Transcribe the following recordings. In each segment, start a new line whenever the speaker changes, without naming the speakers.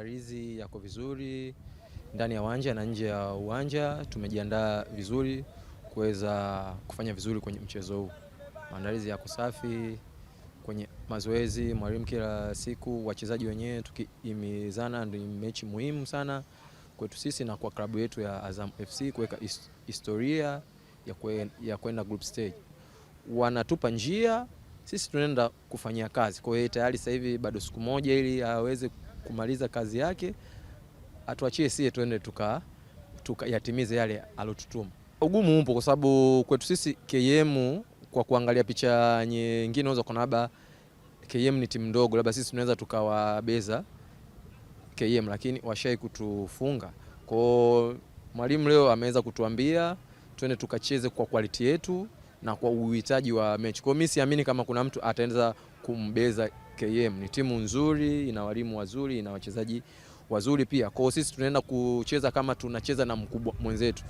maandalizi yako vizuri ndani ya uwanja na nje ya uwanja. Tumejiandaa vizuri kuweza kufanya vizuri kwenye mchezo huu. Maandalizi yako safi kwenye mazoezi, mwalimu kila siku, wachezaji wenyewe tukihimizana, ndio mechi muhimu sana kwetu sisi na kwa klabu yetu ya Azam FC kuweka historia ya kwenda group stage. Wanatupa njia, sisi tunaenda kufanyia kazi. Kwa hiyo tayari sasa hivi bado siku moja ili aweze kumaliza kazi yake, atuachie sie tuende tuka, tuka yatimize yale alotutuma. Ugumu upo kwa sababu kwetu sisi KM, kwa kuangalia picha nyingine, unaweza kuona labda KM ni timu ndogo, labda sisi tunaweza tukawabeza KM, lakini washai kutufunga kwao. Mwalimu leo ameweza kutuambia twende tukacheze kwa quality yetu na kwa uhitaji wa mechi. Kwa mimi siamini kama kuna mtu ataweza kumbeza KM ni timu nzuri, ina walimu wazuri, ina wachezaji wazuri pia. Kwa hiyo sisi tunaenda kucheza kama tunacheza na mkubwa mwenzetu,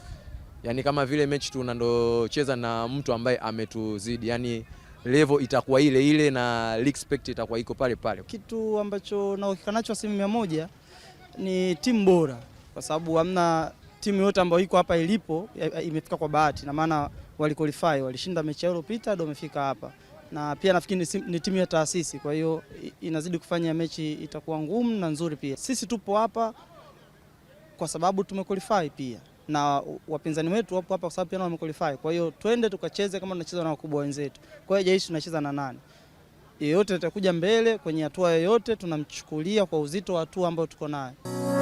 yaani kama vile mechi tunandocheza na mtu ambaye ametuzidi, yaani level itakuwa ile ile na expect itakuwa iko pale pale.
Kitu ambacho na uhakika nacho asilimia moja ni timu bora, kwa sababu hamna timu yote ambayo iko hapa ilipo imefika kwa bahati, na maana waliqualify, walishinda mechi yao iliyopita ndio wamefika hapa na pia nafikiri ni timu ya taasisi, kwa hiyo inazidi kufanya mechi itakuwa ngumu na nzuri. Pia sisi tupo hapa kwa sababu tumequalify pia na wapinzani wetu wapo hapa kwa sababu pia nao wamequalify. Kwa hiyo twende tukacheze kama tunacheza na wakubwa wenzetu. Kwa hiyo jaishi tunacheza na nani, yeyote atakuja mbele kwenye hatua yoyote, tunamchukulia kwa uzito wa hatua ambayo tuko nayo.